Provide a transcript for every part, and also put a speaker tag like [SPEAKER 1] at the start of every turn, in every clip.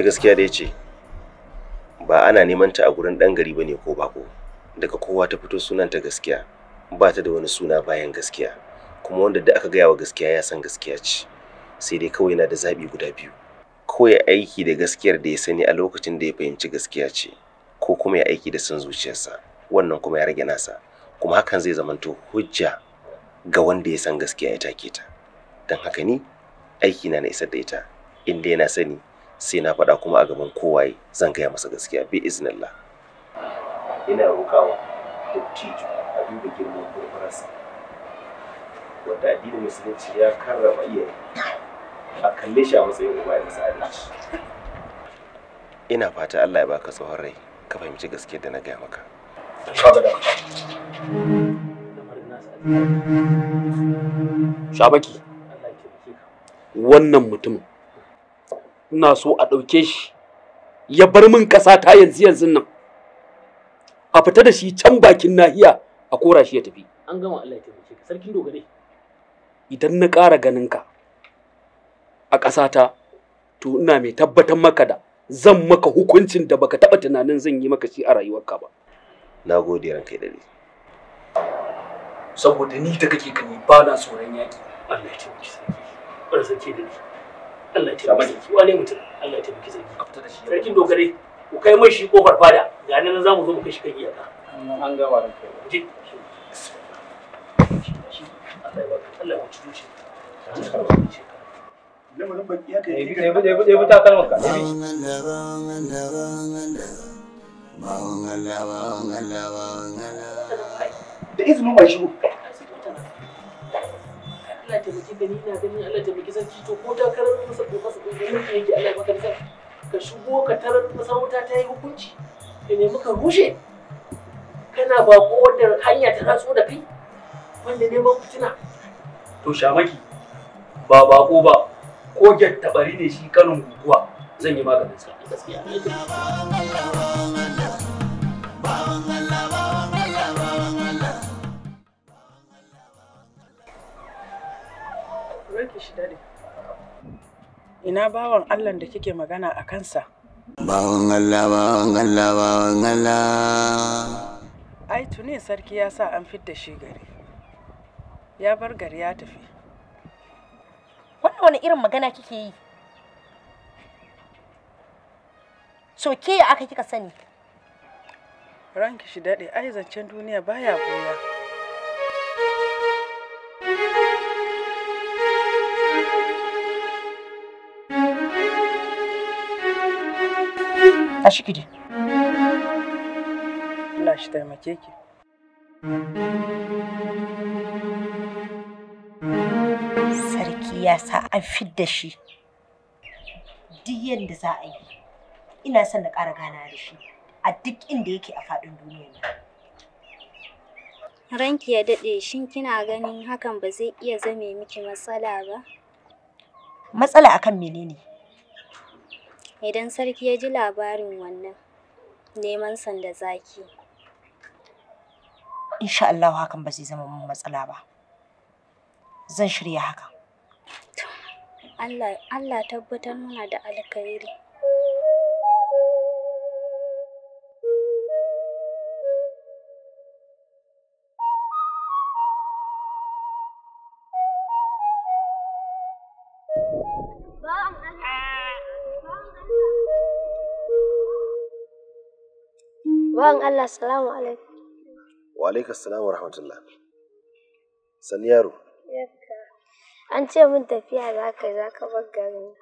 [SPEAKER 1] ta gaskiya da ya ce ba ana neman ta a gurin ɗan gari ba ne ko bako daga kowa ta fito sunanta gaskiya ba ta da wani suna bayan gaskiya kuma wanda da aka gaya wa gaskiya ya san gaskiya ce sai dai kawai yana da zaɓi guda biyu ko ya aiki da gaskiyar da ya sani a lokacin da ya fahimci gaskiya ce ko kuma ya aiki da san zuciyarsa wannan kuma ya rage nasa kuma hakan zai zamanto hujja ga wanda ya san gaskiya ya take ta don haka ni aiki na na isar da ita inda yana sani sai na faɗa kuma a gaban kowaye zan gaya masa gaskiya bi iznillah ina rokawa tijo a duba girman gurbarsa wanda addinin musulunci ya karrama iyaye a kalle shi a matsayin uba ya masa ina fata Allah ya baka tsohon rai ka fahimci gaskiyar
[SPEAKER 2] da na gaya maka Shabaki, wannan mutumin ina so a ɗauke shi ya bar min ƙasa ta yanzu yanzu nan a fita da shi can bakin nahiya a kora shi ya tafi an gama Allah ya taimake ka sarkin dogare idan na ƙara ganin ka a ƙasata to ina mai tabbatar maka da zan maka hukuncin da baka taɓa tunanin zan yi maka shi a rayuwarka ba na gode ranka da ni saboda ni da kake kani ba na tsoron yaƙi Allah ya taimake sarki ƙwarar sarki da ni Allah ta baki ki wane mutum Allah ta baki zaki a fita shi sarkin dogare ku kai mai shi kofar fada ga nan za mu zo mu kai shi kan iyaka an ga waran kai
[SPEAKER 3] Allah ya baka Allah da izinin ba shi
[SPEAKER 2] Allah taimaki gani ina ganin Allah taimaki sarki to ko ta karar masa ko masa ko ganin yake Allah ka shigo ka tarar masarauta ta yi hukunci ka nemi ka rushe kana ba ko wanda hanya ta ratsu da kai wanda neman fitina to shamaki ba bako ba ko gyatta bari ne shi kanin guguwa zan yi maganin sa gaskiya shi dare. Ina bawan Allah da kike magana a kansa?
[SPEAKER 4] Bawan Allah, bawan Allah, bawan Allah.
[SPEAKER 2] Ai tuni sarki ya sa an fitta shi gari. Ya bar gari ya tafi.
[SPEAKER 5] Wannan wani irin magana kike yi? So ya aka kika sani?
[SPEAKER 2] Ranki shi daɗe, ai zancen duniya baya koya. Tashi ki Allah shi taimake
[SPEAKER 4] Sarki ya
[SPEAKER 5] sa an fidda shi. Duk yadda za a yi, ina son na ƙara gana da shi a duk inda yake a faɗin duniya
[SPEAKER 2] Ranki ya daɗe, shin kina ganin hakan ba zai iya zame miki matsala ba?
[SPEAKER 5] Matsala akan menene?
[SPEAKER 2] Idan sarki ya ji labarin wannan neman sanda
[SPEAKER 5] zaki. Insha Allah hakan ba zai zama mun matsala ba. Zan shirya hakan.
[SPEAKER 2] Allah Allah tabbatar muna da alkhairi.
[SPEAKER 4] Allah salamu alaikum.
[SPEAKER 1] Wa alaikum salamu wa rahmatullah. Sani yaro.
[SPEAKER 4] An ce mun tafiya za ka za ka bar garin.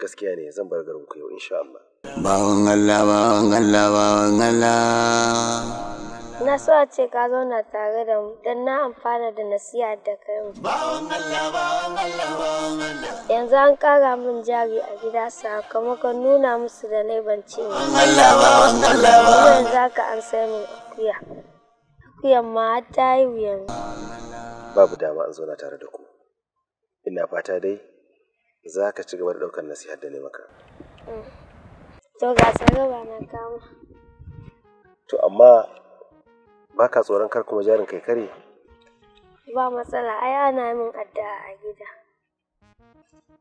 [SPEAKER 1] Gaskiya ne zan bar garin ku yau insha Allah.
[SPEAKER 4] Bawan Allah bawan Allah bawan Allah. Na so a ce ka zauna tare da mu don na amfana da nasiha da kai mu. Yanzu an kara min jari a gida sakamakon nuna musu da laibanci ne. Yanzu za ka an sai min akuya. Akuyan ma ta yi wuyan.
[SPEAKER 1] Babu dama an zauna tare da ku. Ina fata dai za ka ci gaba da ɗaukar nasihar da ne maka.
[SPEAKER 4] Mm. To ga tsaraba na kama.
[SPEAKER 1] To amma ba ka tsoron kar kuma jarin kai kare
[SPEAKER 4] ba matsala ai ana min addu'a a gida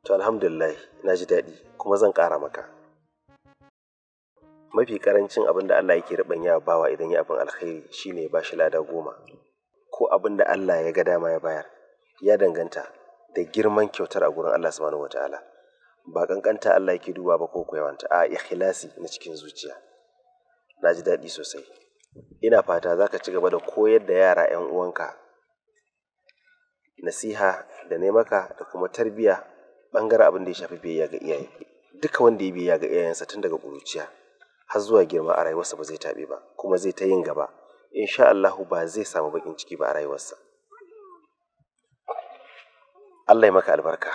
[SPEAKER 1] to alhamdulillah na ji daɗi kuma zan ƙara maka mafi karancin abin da Allah yake ya bawa idan ya abin alkhairi shine ba bashi lada goma ko abin da Allah ya ga dama ya bayar ya danganta da girman kyautar a gurin Allah subhanahu wataala ba kankanta Allah yake duba ba ko koyawanta a ikhlasi na cikin zuciya na ji daɗi sosai ina fata za ka ci gaba da koyar da yara 'yan uwanka nasiha da ne maka da kuma tarbiyya ɓangaren abin da ya shafi biyayya ga iyaye duka wanda ya biyayya ga iyayensa tun daga ƙuruciya har zuwa girma a rayuwarsa ba zai taɓe ba kuma zai ta yin gaba insha Allahu ba zai samu baƙin ciki ba a rayuwarsa Allah ya maka albarka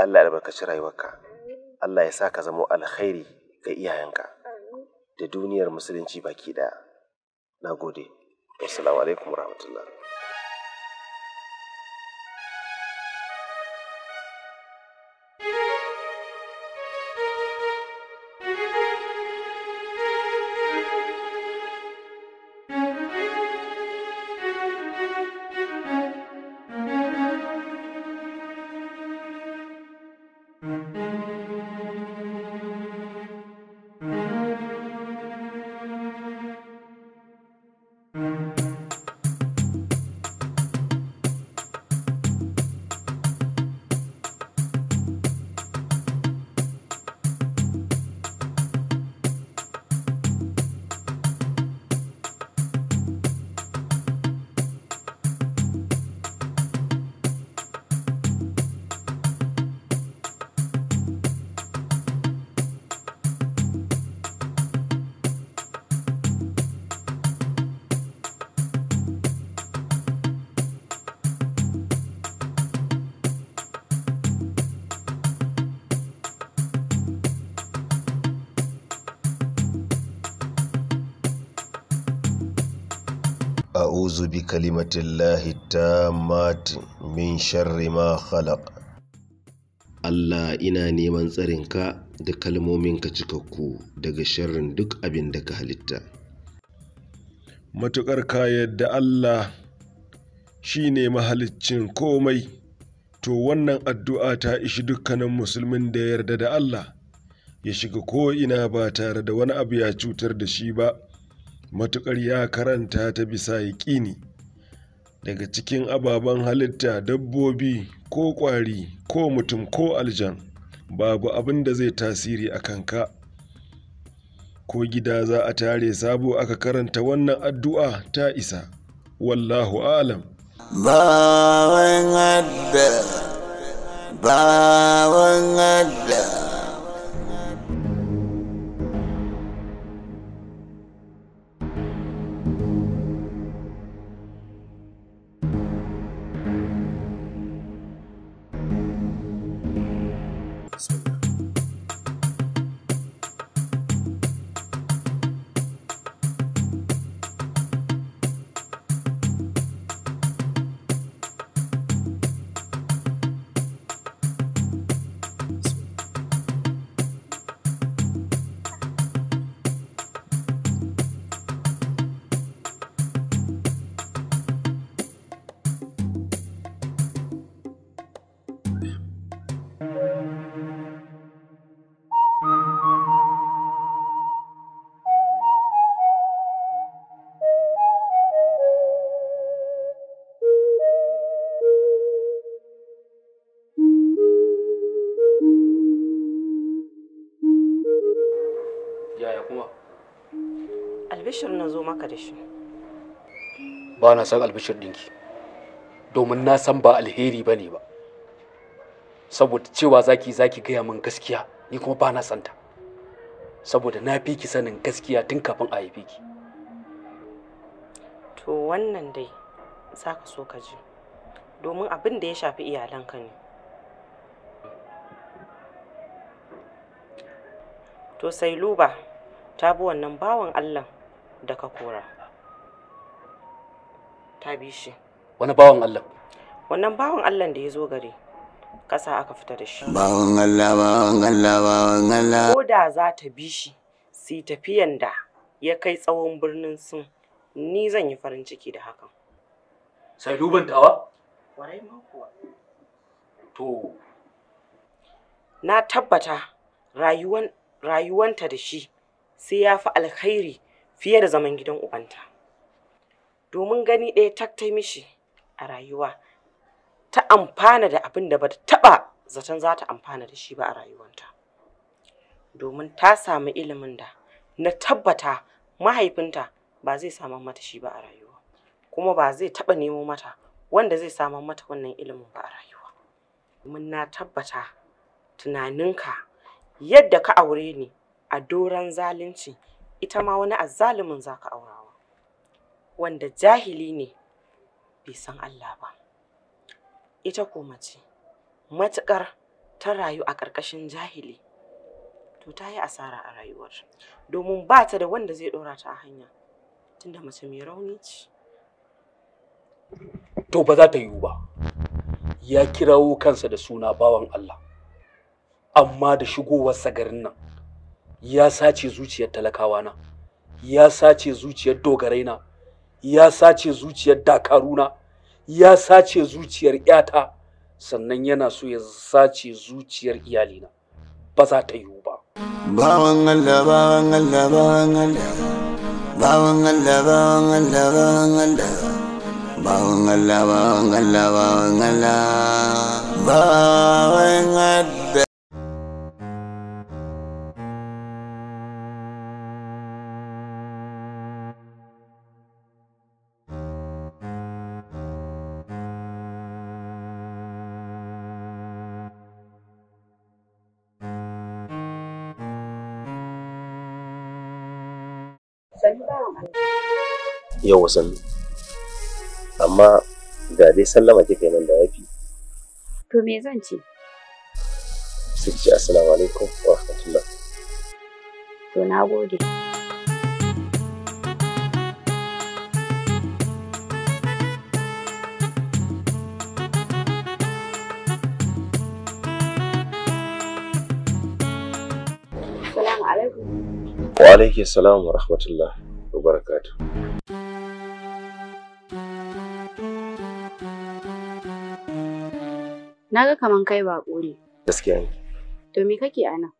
[SPEAKER 1] Allah ya albarkaci rayuwarka Allah ya sa ka zamo alkhairi ga iyayenka da duniyar musulunci baki ɗaya na gode wassalamu alaikum rahmatullahi أعوذ بكلمة الله التامات من شر ما خلق Allah ina neman tsarinka da kalmomin ka cikakku daga sharrin duk abin da ka halitta. Matuƙar ka yadda Allah shi ne mahaliccin komai, to wannan addu'a ta ishi dukkanin musulmin da yarda da Allah, ya shiga ko'ina ba tare da wani abu ya cutar da shi ba. matuƙar ya karanta ta bisa yaƙini daga cikin ababen halitta dabbobi ko ƙwari ko mutum ko aljan babu abin da zai tasiri a kanka ko gida za a tare sabo aka karanta wannan addu'a ta isa wallahu alam bawan
[SPEAKER 4] adda bawan adda
[SPEAKER 5] albishir na zo maka da shi
[SPEAKER 2] ba na san albishir ɗinki domin na san ba alheri ba ne ba saboda cewa zaki zaki gaya min gaskiya ni kuma ba na santa saboda na fi ki sanin gaskiya tun kafin a haife ki
[SPEAKER 5] to wannan dai za ka so ka ji domin abin da ya shafi iyalanka ne to sai luba ta bi wannan bawan allah da ka kora ta bi shi
[SPEAKER 2] wani bawan Allah
[SPEAKER 5] wannan bawan Allah da ya zo gare ƙasa aka fita da shi
[SPEAKER 4] bawan Allah bawan Allah bawan Allah ko
[SPEAKER 5] da za ta bi shi sai tafiyan da ya kai tsawon birnin sun ni zan yi farin ciki da hakan sai duban tawa warai ma kuwa to na tabbata rayuwan rayuwanta da shi sai ya fi alkhairi fiye da zaman gidan ubanta domin gani ɗaya taktai mishi a rayuwa ta amfana da abin da ba ta taɓa zaton za ta amfana da shi ba a rayuwanta domin ta samu ilimin da na tabbata mahaifinta ba zai samu mata shi ba a rayuwa kuma ba zai taɓa nemo mata wanda zai samu mata wannan ilimin ba a rayuwa domin na tabbata tunaninka yadda ka aure ni a doron zalunci ita ma wani azzalumin za ka aurawa wanda jahili ne bai san Allah ba ita ko mace matuƙar ta rayu a ƙarƙashin jahili to ta yi asara a rayuwar domin ba ta da wanda zai ɗora ta a hanya tunda mace mai rauni ce
[SPEAKER 2] to ba za ta yiwu ba ya kirawo kansa da suna bawan Allah amma da shigowarsa garin nan ya sace zuciyar talakawa na ya sace zuciyar dogarai na ya sace zuciyar dakaru na ya sace zuciyar yata sannan yana so ya sace zuciyar iyali na ba za
[SPEAKER 3] ta yiwu ba
[SPEAKER 4] bawan Allah bawan Allah bawan Allah bawan Allah bawan Allah bawan Allah bawan Allah bawan Allah bawan Allah bawan Allah
[SPEAKER 1] yau sallu amma ga dai sallama kika nan da yafi
[SPEAKER 2] to me zan ce
[SPEAKER 1] sai ki assalamu alaikum
[SPEAKER 2] wa rahmatullah to na gode
[SPEAKER 1] Wa salam wa rahmatullah wa barakatu.
[SPEAKER 5] Na ga kaman kai ba Gaskiya ne. To me kake a nan?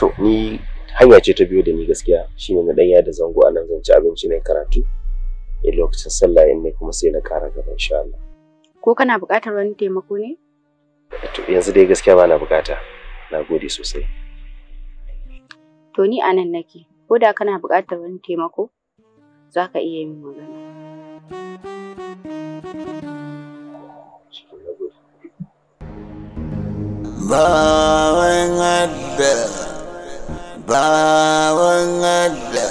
[SPEAKER 1] To ni hanya ce ta biyo da ni gaskiya shi ne na ɗanya da zango a nan zan ci abinci na karatu. In lokacin sallah in ne kuma sai na ƙara gaba insha Allah.
[SPEAKER 5] Ko kana buƙatar wani taimako ne?
[SPEAKER 1] To yanzu dai gaskiya ba na buƙata. Na gode sosai.
[SPEAKER 5] To ni anan nake. ko da kana buƙatar wani taimako za ka iya yin magana.
[SPEAKER 4] Bawan adda, bawan adda,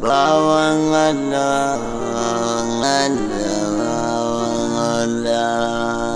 [SPEAKER 4] bawan adda, adda, bawan adda.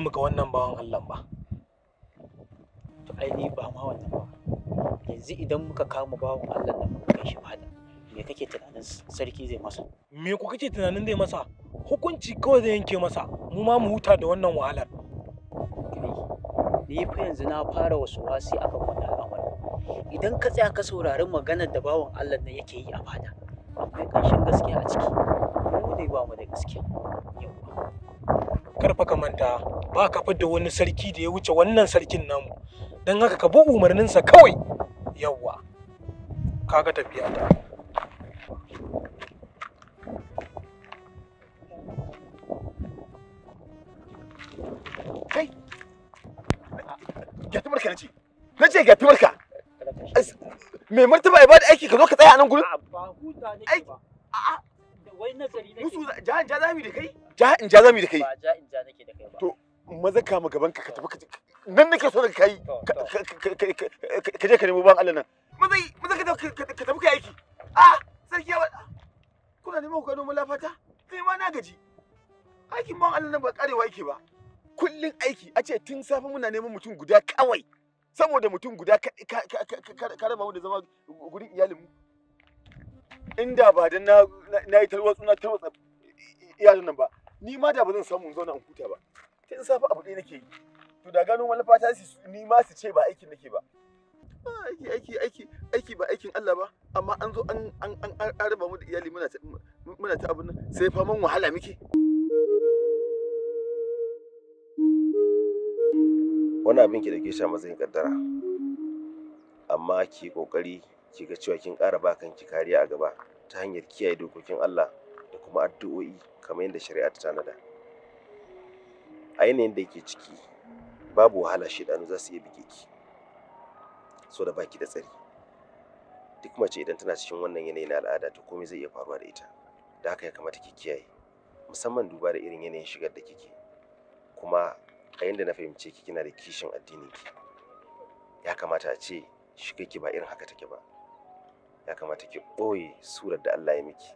[SPEAKER 3] mu ga wannan bawan Allah ba
[SPEAKER 5] to ni ba ma wannan ba yanzu idan muka kama bawan Allah nan muka kai shi fada me kake tunanin sarki zai masa me ku kake tunanin zai masa hukunci kawai zai yanke masa mu ma mu huta da wannan wahalar ni fa yanzu na fara wasu wasi akan wannan al'amari idan ka tsaya ka saurari maganar da bawan Allah nan yake yi a fada akwai ƙanshin gaskiya a ciki mu ne ba mu da gaskiya
[SPEAKER 3] yau karfa ka manta ba ka fidda wani sarki da ya wuce wannan sarkin namu don haka ka bi umarninsa kawai yawwa kaga tafiya ta na ce na ce mai martaba ya aiki ka zo ka tsaya a nan gurin ba huta ne ba wai nazari ne musu ja zami da kai ja in ja zami da kai maza kama gaban ka ka tafi nan nake so daga kai ka je ka nemo ban Allah nan maza maza ka tafi ka tafi kai aiki ah sarki ya kuna neman ku gano mun lafata sai ma na gaji aikin ban Allah nan ba karewa yake ba kullun aiki a ce tun safe muna neman mutum guda kawai saboda mutum guda ka raba mu da zama gurin iyalinmu inda ba dan na yi tarwatsu na tarwatsa iyalin nan ba ni ma da ba zan samu in zauna in huta ba tun safa abu ɗaya nake yi to da gano wani fata su ni ma su ce ba aikin nake ba aiki aiki aiki aiki ba aikin Allah ba amma an zo an an an raba mu da iyali muna muna ta abun nan sai faman wahala muke
[SPEAKER 1] wani abin ki da ke sha matsayin kaddara amma ki kokari ki ga cewa kin ƙara ba kanki kariya a gaba ta hanyar kiyaye dokokin Allah da kuma addu'o'i kamar yadda shari'a ta tanada. a yanayin da yake ciki babu wahala shi shidanu za su iya buge ki so da baki da tsari duk mace idan tana cikin wannan yanayi na al'ada to komai zai iya faruwa da ita da haka ya kamata ki kiyaye musamman duba da irin yanayin shigar da kike kuma a yanda na fahimce ki kina da kishin addinin ki ya kamata a ce shigar ki ba irin haka take ba ya kamata ki ɓoye surar da Allah ya miki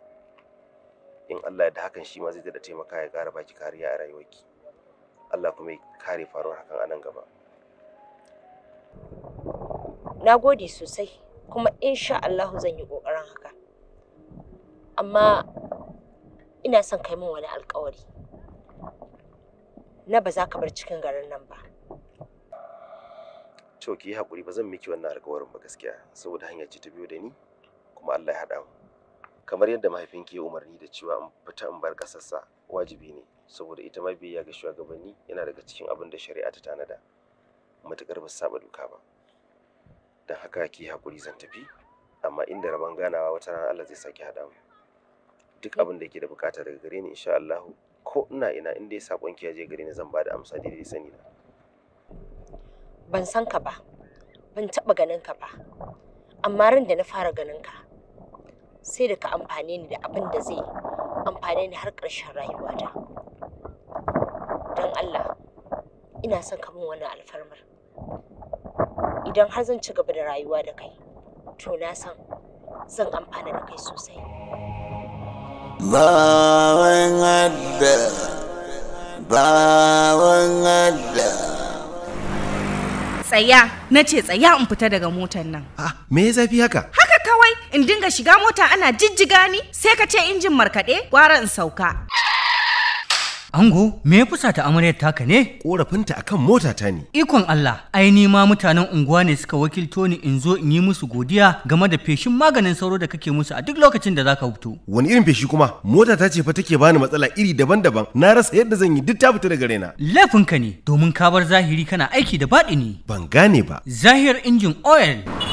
[SPEAKER 1] in Allah ya da hakan shi ma zai da taimaka ya ƙara baki kariya a rayuwarki Allah kuma ya kare faruwar hakan a nan gaba
[SPEAKER 5] na gode sosai kuma insha Allahu zan yi ƙoƙarin haka amma ina son kai min wani alƙawari. na ba za ka bar cikin garin nan ba
[SPEAKER 1] Cewa ki yi haƙuri ba zan miki wannan alƙawarin ba gaskiya saboda hanyar ce ta biyo da ni kuma Allah ya haɗa mu kamar yadda mahaifin ke umarni da cewa in fita in bar kasarsa wajibi ne saboda ita ma biyayya ga shugabanni yana daga cikin abin da shari'a ta tanada Matukar ba saba doka ba don haka ki hakuri zan tafi amma inda rabon ganawa wata rana Allah zai saki haɗa mu duk abin da yake da bukata daga gare ni insha Allah ko ina ina inda ya sakon ki ya je gare ni zan bada amsa da daidai sani na
[SPEAKER 5] ban san ka ba ban taɓa ganin ka ba amma ran da na fara ganin ka sai da ka amfane ni da abin da zai amfane ni har ƙarshen rayuwata don Allah ina son ka min wannan alfarmar idan har zan ci gaba da rayuwa da kai to na san zan amfana da kai sosai
[SPEAKER 4] bawan adda bawan adda.
[SPEAKER 5] tsaya na ce tsaya in fita daga motar nan ah,
[SPEAKER 1] me ya zafi haka
[SPEAKER 4] in dinga
[SPEAKER 5] shiga mota ana jijjiga ni sai ka ce injin markaɗe gwara in sauka. Ango, me ya fusa ta amaryar taka ne? Ƙorafinta akan mota ta ne. Ikon Allah, ai ni ma mutanen unguwa ne suka wakilto ni in zo in yi musu godiya game da feshin maganin sauro da kake musu a duk lokacin da zaka fito.
[SPEAKER 1] Wani irin feshi kuma? Mota ta ce fa take bani matsala iri daban-daban. Na rasa yadda zan yi duk ta fita daga raina.
[SPEAKER 5] Laifinka ne, domin ka bar zahiri kana aiki da baɗi ne. Ban gane ba. Zahir injin oil.